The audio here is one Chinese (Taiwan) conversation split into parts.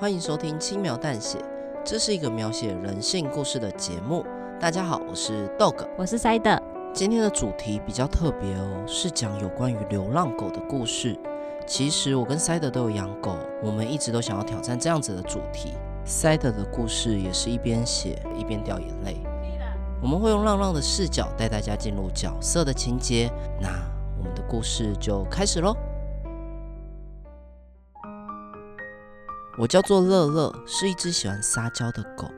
歡迎收聽《輕描淡寫》，這是一個描寫人性故事的節目。大家好，我是 Dog，我是 Cider。今天的主題比較特別哦，是講有關於流浪狗的故事。其實我跟 Cider 都有養狗，我們一直都想要挑戰這樣子的主題。Cider 的故事也是一邊寫一邊掉眼淚。的我們會用浪浪的視角帶大家進入角色的情節，那我們的故事就開始嘍。我叫做樂樂，是一隻喜歡撒嬌的狗。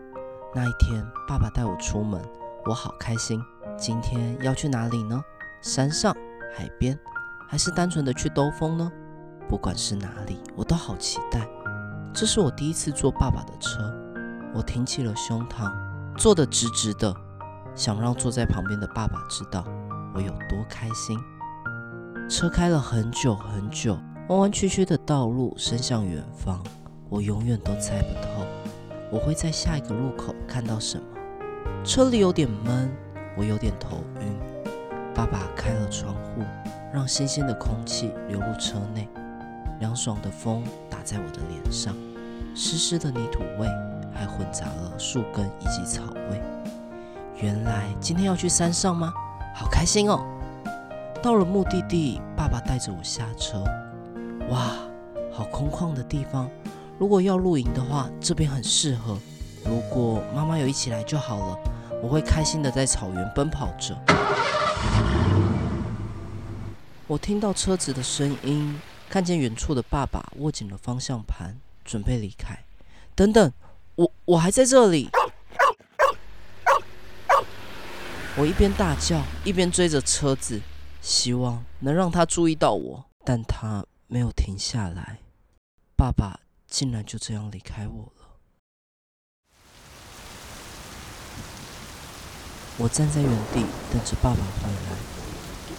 那一天，爸爸帶我出門，我好開心。今天要去哪裡呢？山上、海邊，還是單純的去兜風呢？不管是哪裡，我都好期待。這是我第一次坐爸爸的車，我挺起了胸膛，坐得直直的，想讓坐在旁邊的爸爸知道我有多開心。車開了很久很久，彎彎曲曲的道路伸向遠方。我永遠都猜不透，我會在下一個路口看到什麼。車裡有點悶，我有點頭暈。爸爸開了窗戶，讓新鮮的空氣流入車內。涼爽的風打在我的臉上，濕濕的泥土味還混雜了樹根以及草味。原來今天要去山上嗎？好開心哦！到了目的地，爸爸帶着我下車。哇，好空曠的地方。如果要露營的話，這邊很適合。如果媽媽有一起來就好了，我會開心地在草原奔跑着。我聽到車子的聲音，看見遠處的爸爸握緊了方向盤，準備離開。等等，我我還在這裡！我一邊大叫，一邊追着車子，希望能讓他注意到我，但他沒有停下來。爸爸。竟然就這樣離開我了。我站在原地等着爸爸回來，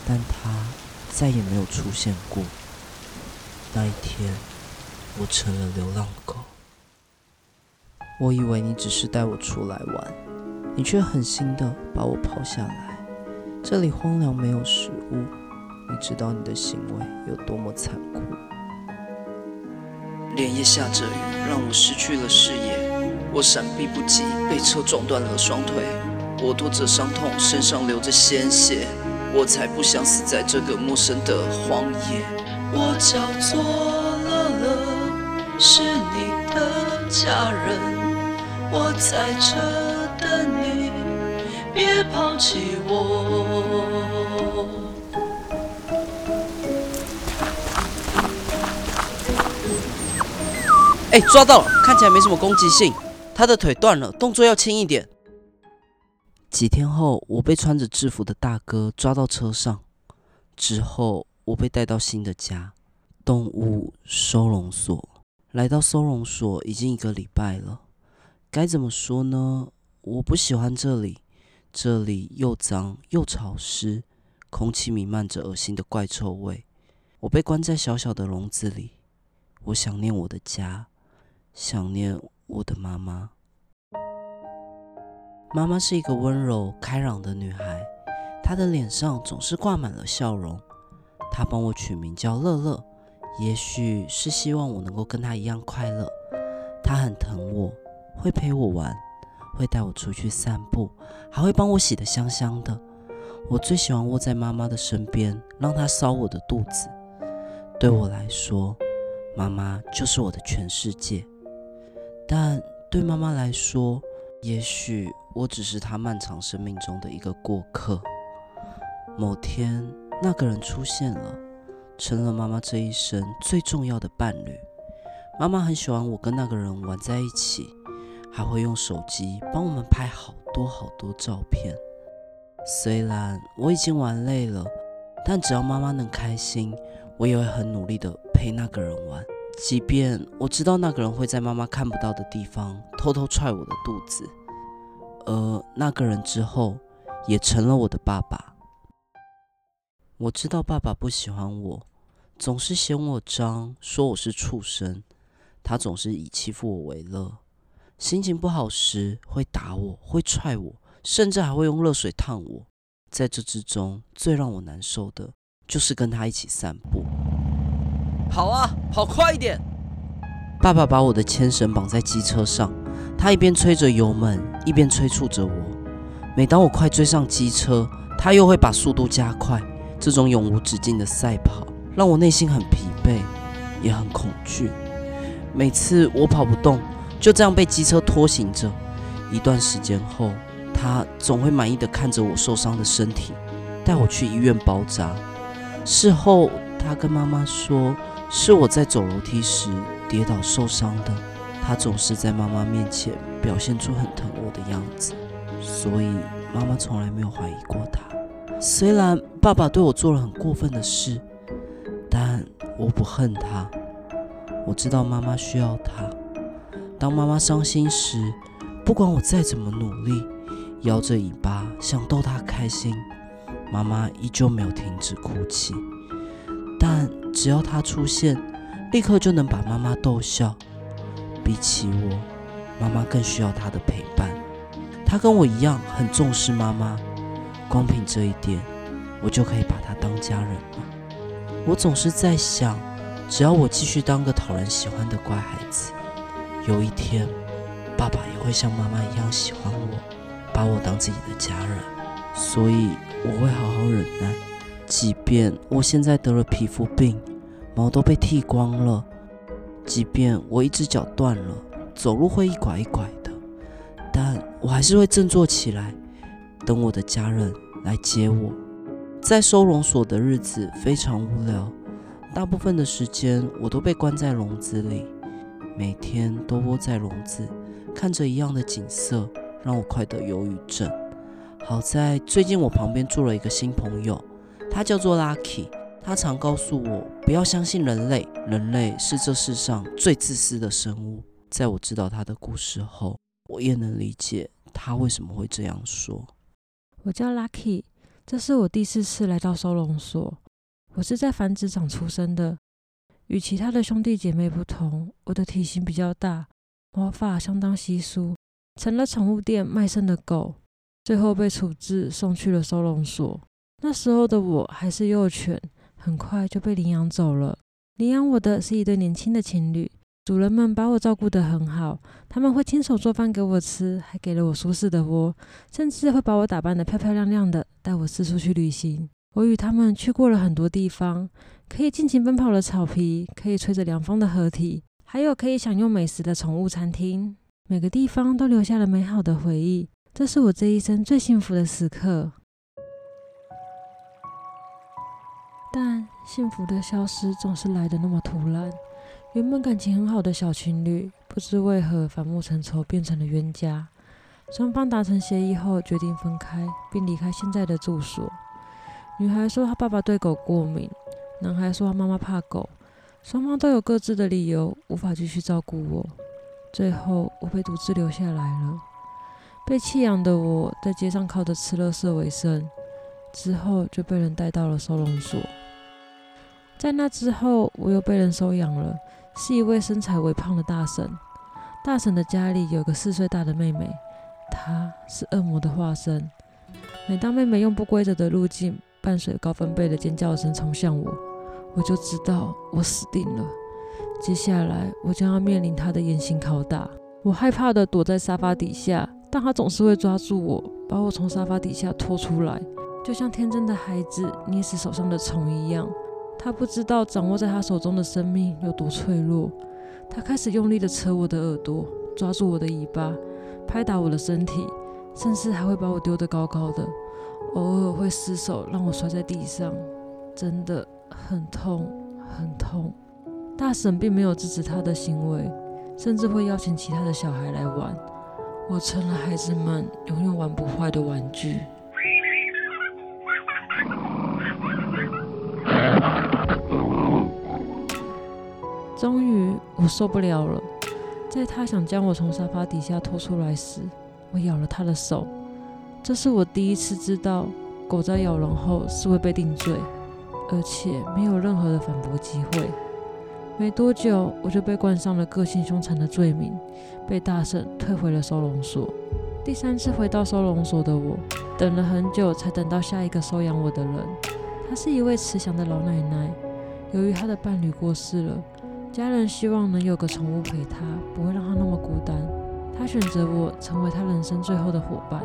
但他再也沒有出現過。那一天，我成了流浪狗。我以為你只是帶我出來玩，你卻狠心地把我拋下來。這裡荒涼，沒有食物。你知道你的行為有多麼殘酷。連夜下着雨，讓我失去了視野，我閃避不及，被車撞斷了雙腿。我拖着傷痛，身上流着鮮血，我才不想死在這個陌生的荒野。我叫做樂樂，是你的家人，我在這等你，別拋棄我。哎，抓到了！看起來沒什麼攻擊性。他的腿斷了，動作要輕一點。幾天後，我被穿着制服的大哥抓到車上，之後我被帶到新的家——動物收容所。來到收容所已經一個禮拜了，該怎麼說呢？我不喜歡這裡，這裡又髒又潮濕，空氣瀰漫着惡心的怪臭味。我被關在小小的籠子裡，我想念我的家。想念我的媽媽。媽媽是一個溫柔開朗的女孩，她的臉上總是掛滿了笑容。她幫我取名叫樂樂，也許是希望我能夠跟她一樣快樂。她很疼我，會陪我玩，會帶我出去散步，還會幫我洗得香香的。我最喜歡窩在媽媽的身邊，讓她搔我的肚子。對我來說，媽媽就是我的全世界。但對媽媽來說，也許我只是她漫長生命中的一個過客。某天，那個人出現了，成了媽媽這一生最重要的伴侶。媽媽很喜歡我跟那個人玩在一起，還會用手機幫我們拍好多好多照片。雖然我已經玩累了，但只要媽媽能開心，我也會很努力的陪那個人玩。即便我知道那個人會在媽媽看不到的地方偷偷踹我的肚子，而那個人之後也成了我的爸爸。我知道爸爸不喜歡我，總是嫌我髒，說我是畜生。他總是以欺負我為樂，心情不好時會打我，會踹我，甚至還會用熱水燙我。在這之中，最讓我難受的就是跟他一起散步。跑啊，跑快一點！爸爸把我的牽繩綁在機車上，他一邊吹着油門，一邊催促着我。每當我快追上機車，他又會把速度加快。這種永無止境的賽跑，讓我內心很疲憊，也很恐懼。每次我跑不動，就這樣被機車拖行着。一段時間後，他總會滿意的看着我受傷的身體，帶我去醫院包紮。事後，他跟媽媽說：是我在走樓梯時跌倒受傷的。他總是在媽媽面前表現出很疼我的樣子，所以媽媽從來沒有懷疑過他。雖然爸爸對我做了很過分的事，但我不恨他。我知道媽媽需要他。當媽媽傷心時，不管我再怎麼努力，搖着尾巴想逗她開心，媽媽依舊沒有停止哭泣。但只要他出現，立刻就能把媽媽逗笑。比起我，媽媽更需要他的陪伴。他跟我一樣很重視媽媽，光憑這一點，我就可以把他當家人了。我總是在想，只要我繼續當個討人喜歡的乖孩子，有一天，爸爸也會像媽媽一樣喜歡我，把我當自己的家人。所以，我會好好忍耐。即便我現在得了皮膚病，毛都被剃光了；即便我一隻腳斷了，走路會一拐一拐的，但我還是會振作起來，等我的家人來接我。在收容所的日子非常無聊，大部分的時間我都被關在籠子裡，每天都窩在籠子，看着一樣的景色，讓我快得憂鬱症。好在最近我旁邊住了一個新朋友。它叫做 Lucky，它常告訴我不要相信人類，人類是這世上最自私的生物。在我知道它的故事後，我也能理解它為什麼會這樣說。我叫 Lucky，這是我第四次來到收容所。我是在繁殖場出生的，與其他的兄弟姐妹不同，我的體型比較大，毛髮相當稀疏，成了寵物店賣剩的狗，最後被處置送去了收容所。那時候的我還是幼犬，很快就被領養走了。領養我的是一對年輕的情侶，主人們把我照顧得很好，他們會親手做飯給我吃，還給了我舒適的窩，甚至會把我打扮得漂漂亮亮的，帶我四處去旅行。我與他們去過了很多地方，可以盡情奔跑的草皮，可以吹着涼風的河堤，還有可以享用美食的寵物餐廳，每個地方都留下了美好的回憶。這是我這一生最幸福的時刻。但幸福的消失總是來得那麼突然。原本感情很好的小情侶，不知為何反目成仇，變成了冤家。雙方達成協議後，決定分開，並離開現在的住所。女孩說她爸爸對狗過敏，男孩說他媽媽怕狗，雙方都有各自的理由，無法繼續照顧我。最後，我被獨自留下來了。被棄養的我在街上靠着吃垃圾為生，之後就被人帶到了收容所。在那之後，我又被人收養了，是一位身材微胖的大嬸。大嬸的家裡有個四歲大的妹妹，她是惡魔的化身。每當妹妹用不規則的路徑，伴隨高分貝的尖叫聲衝向我，我就知道我死定了。接下來，我將要面臨她的嚴刑拷打。我害怕的躲在沙發底下，但她總是會抓住我，把我從沙發底下拖出來，就像天真的孩子捏死手上的蟲一樣。他不知道掌握在他手中的生命有多脆弱，他開始用力地扯我的耳朵，抓住我的尾巴，拍打我的身體，甚至還會把我丟得高高的，偶爾會失手讓我摔在地上，真的很痛，很痛。大嬸並沒有制止他的行為，甚至會邀請其他的小孩來玩，我成了孩子們永遠玩不壞的玩具。終於，我受不了了。在他想將我從沙發底下拖出來時，我咬了他的手。這是我第一次知道，狗在咬人後是會被定罪，而且沒有任何的反駁機會。沒多久，我就被冠上了個性兇殘的罪名，被大嬸退回了收容所。第三次回到收容所的我，等了很久才等到下一個收養我的人。她是一位慈祥的老奶奶。由於她的伴侶過世了。家人希望能有個寵物陪他，不會讓他那麼孤單。他選擇我成為他人生最後的夥伴。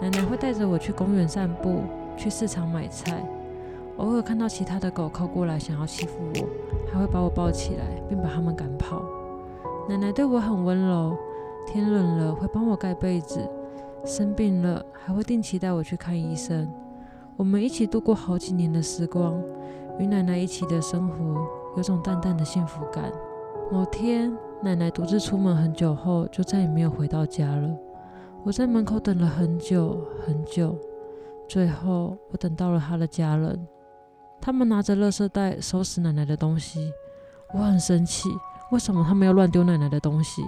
奶奶會帶着我去公園散步，去市場買菜。偶爾看到其他的狗靠過來想要欺負我，還會把我抱起來，並把他們趕跑。奶奶對我很溫柔，天冷了會幫我蓋被子，生病了還會定期帶我去看醫生。我們一起度過好幾年的時光，與奶奶一起的生活。有種淡淡的幸福感。某天，奶奶獨自出門很久後，就再也沒有回到家了。我在門口等了很久很久，最後我等到了她的家人。他們拿着垃圾袋收拾奶奶的東西，我很生氣，為什麼他們要亂丟奶奶的東西？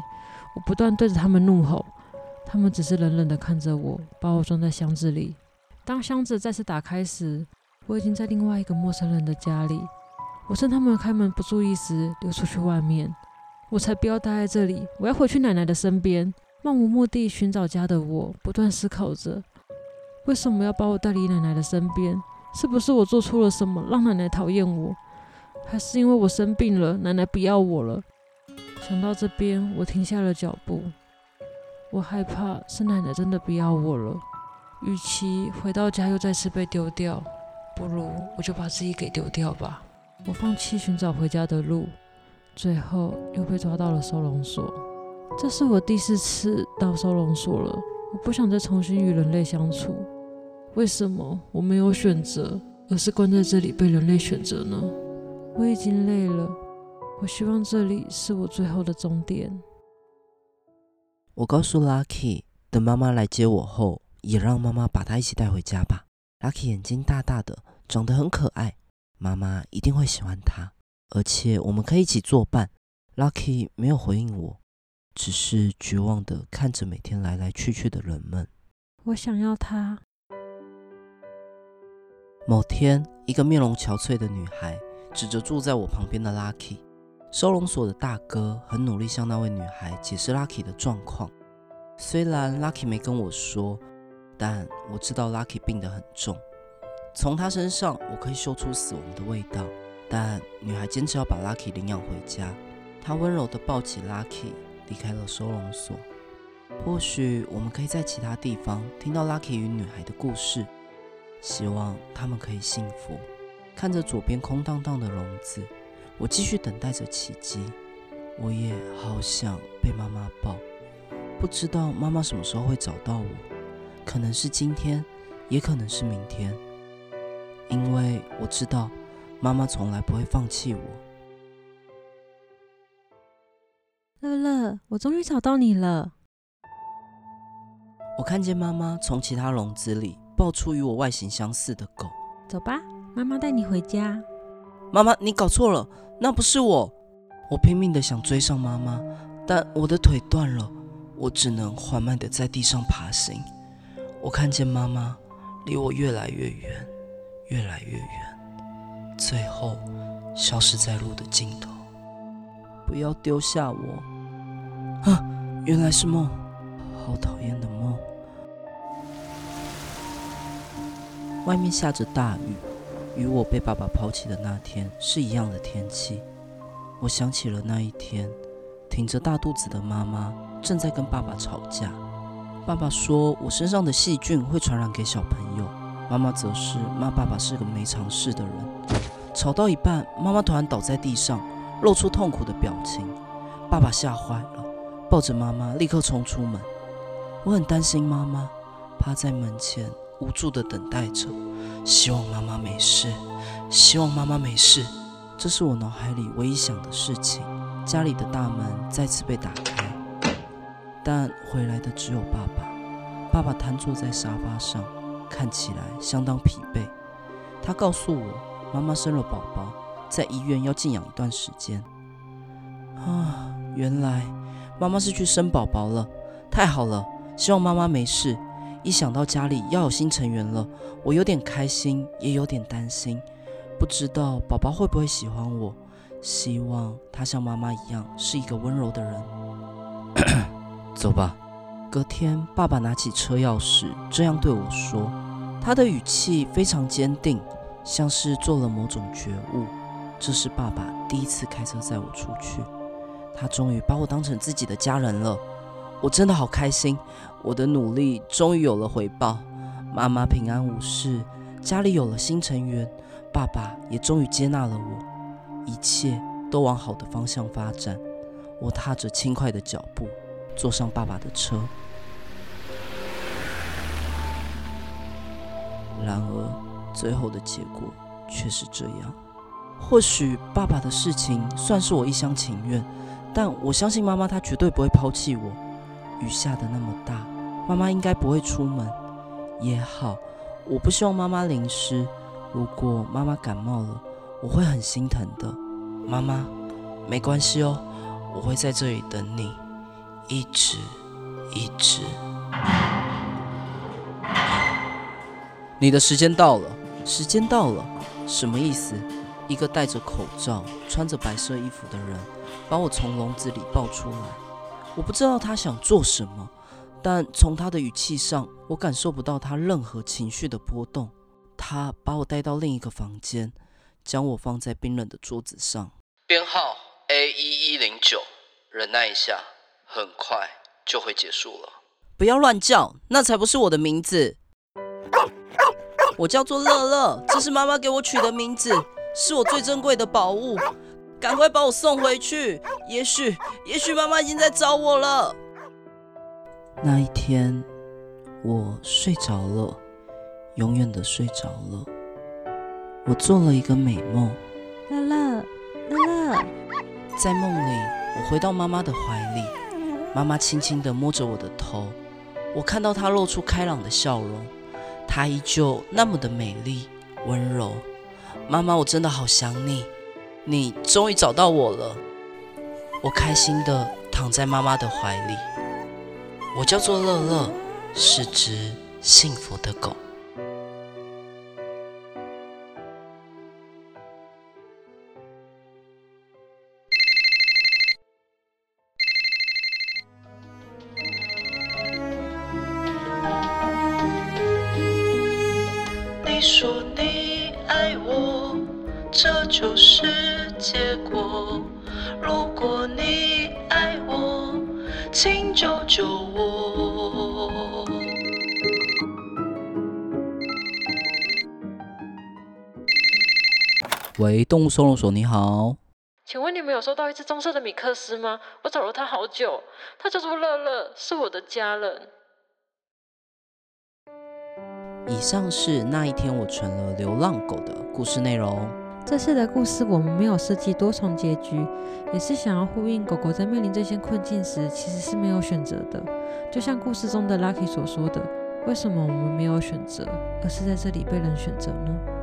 我不斷對着他們怒吼，他們只是冷冷的看着我，把我裝在箱子裡。當箱子再次打開時，我已經在另外一個陌生人的家裡。我趁他們開門不注意時溜出去外面，我才不要待在這裡！我要回去奶奶的身邊。漫無目的尋找家的我，不斷思考着：為什麼要把我帶離奶奶的身邊？是不是我做錯了什麼，讓奶奶討厭我？還是因為我生病了，奶奶不要我了？想到這邊，我停下了腳步。我害怕是奶奶真的不要我了。與其回到家又再次被丟掉，不如我就把自己給丟掉吧。我放棄尋找回家的路，最後又被抓到了收容所。這是我第四次到收容所了。我不想再重新與人類相處。為什麼我沒有選擇，而是關在這裡被人類選擇呢？我已經累了。我希望這裡是我最後的終點。我告訴 Lucky，等媽媽來接我後，也讓媽媽把她一起帶回家吧。Lucky 眼睛大大的，長得很可愛。媽媽一定會喜歡他，而且我們可以一起作伴。Lucky 沒有回應我，只是絕望的看着每天來來去去的人們。我想要他。某天，一個面容憔悴的女孩指着住在我旁邊的 Lucky。收容所的大哥很努力向那位女孩解釋 Lucky 的狀況。雖然 Lucky 沒跟我說，但我知道 Lucky 病得很重。從她身上，我可以嗅出死亡的味道。但女孩堅持要把 Lucky 領養回家。她溫柔地抱起 Lucky，離開了收容所。或許我們可以在其他地方聽到 Lucky 與女孩的故事。希望他們可以幸福。看着左邊空蕩蕩的籠子，我繼續等待着奇蹟。我也好想被媽媽抱。不知道媽媽什麼時候會找到我，可能是今天，也可能是明天。因為我知道，媽媽從來不會放棄我。樂樂，我終於找到你了。我看見媽媽從其他籠子裡抱出與我外形相似的狗。走吧，媽媽帶你回家。媽媽，你搞錯了，那不是我。我拼命的想追上媽媽，但我的腿斷了，我只能緩慢的在地上爬行。我看見媽媽離我越來越遠。越來越遠，最後消失在路的盡頭。不要丟下我！啊，原來是夢，好討厭的夢。外面下着大雨，與我被爸爸拋棄的那天是一樣的天氣。我想起了那一天，挺着大肚子的媽媽正在跟爸爸吵架。爸爸說我身上的細菌會傳染給小朋友。媽媽則是罵爸爸是個沒常識的人，吵到一半，媽媽突然倒在地上，露出痛苦的表情。爸爸嚇壞了，抱着媽媽立刻衝出門。我很擔心媽媽，趴在門前無助地等待着，希望媽媽沒事，希望媽媽沒事。這是我腦海裡唯一想的事情。家裡的大門再次被打開，但回來的只有爸爸。爸爸癱坐在沙發上。看起來相當疲憊。他告訴我，媽媽生了寶寶，在醫院要靜養一段時間。啊，原來媽媽是去生寶寶了，太好了！希望媽媽沒事。一想到家裡要有新成員了，我有點開心，也有點擔心。不知道寶寶會不會喜歡我？希望他像媽媽一樣，是一個溫柔的人。 走吧。隔天，爸爸拿起車鑰匙，這樣對我說。他的語氣非常堅定，像是做了某種覺悟。這是爸爸第一次開車載我出去，他終於把我當成自己的家人了。我真的好開心，我的努力終於有了回報。媽媽平安無事，家裡有了新成員，爸爸也終於接納了我。一切都往好的方向發展。我踏着輕快的腳步，坐上爸爸的車。然而，最後的結果卻是這樣。或許爸爸的事情算是我一廂情願，但我相信媽媽她絕對不會拋棄我。雨下得那麼大，媽媽應該不會出門。也好，我不希望媽媽淋濕。如果媽媽感冒了，我會很心疼的。媽媽，沒關係哦，我會在這裡等你，一直，一直。你的時間到了，時間到了，什麼意思？一個戴着口罩、穿着白色衣服的人把我從籠子裡抱出來。我不知道他想做什麼，但從他的語氣上，我感受不到他任何情緒的波動。他把我帶到另一個房間，將我放在冰冷的桌子上。編號 A 一一零九，忍耐一下，很快就會結束了。不要亂叫，那才不是我的名字。我叫做樂樂，這是媽媽給我取的名字，是我最珍貴的寶物。趕快把我送回去，也許，也許媽媽已經在找我了。那一天，我睡着了，永遠的睡着了。我做了一個美夢。樂樂，樂樂。在夢裡，我回到媽媽的懷裡，媽媽輕輕的摸着我的頭，我看到她露出開朗的笑容。她依舊那麼的美麗溫柔。媽媽，我真的好想你，你終於找到我了。我開心的躺在媽媽的懷裡，我叫做樂樂，是隻幸福的狗。喂，動物收容所，你好，請問你們有，有收到一隻棕色的米克斯嗎？我找了它好久，它叫做樂樂，是我的家人。以上是那一天我成了流浪狗的故事內容。這次的故事我們沒有設計多重結局，也是想要呼應狗狗在面臨這些困境時，其實是沒有選擇的。就像故事中的 Lucky 所說的：“為什麼我們沒有選擇，而是在這裡被人選擇呢？”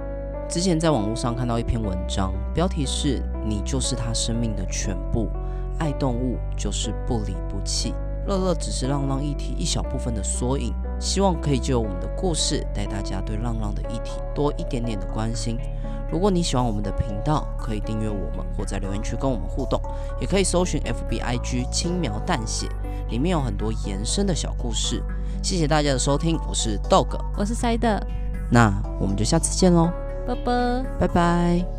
之前在網絡上看到一篇文章，標題是“你就是牠生命的全部，愛動物就是不離不棄”。樂樂只是浪浪議題一小部分的縮影，希望可以借由我們的故事，帶大家對浪浪的議題多一點點的關心。如果你喜歡我們的頻道，可以訂閱我們，或在留言區跟我們互動，也可以搜尋 F B I G 輕描淡血，裡面有很多延伸的小故事。謝謝大家的收聽，我是 Dog，我是 Cider，那我們就下次見嘍。拜拜。拜拜。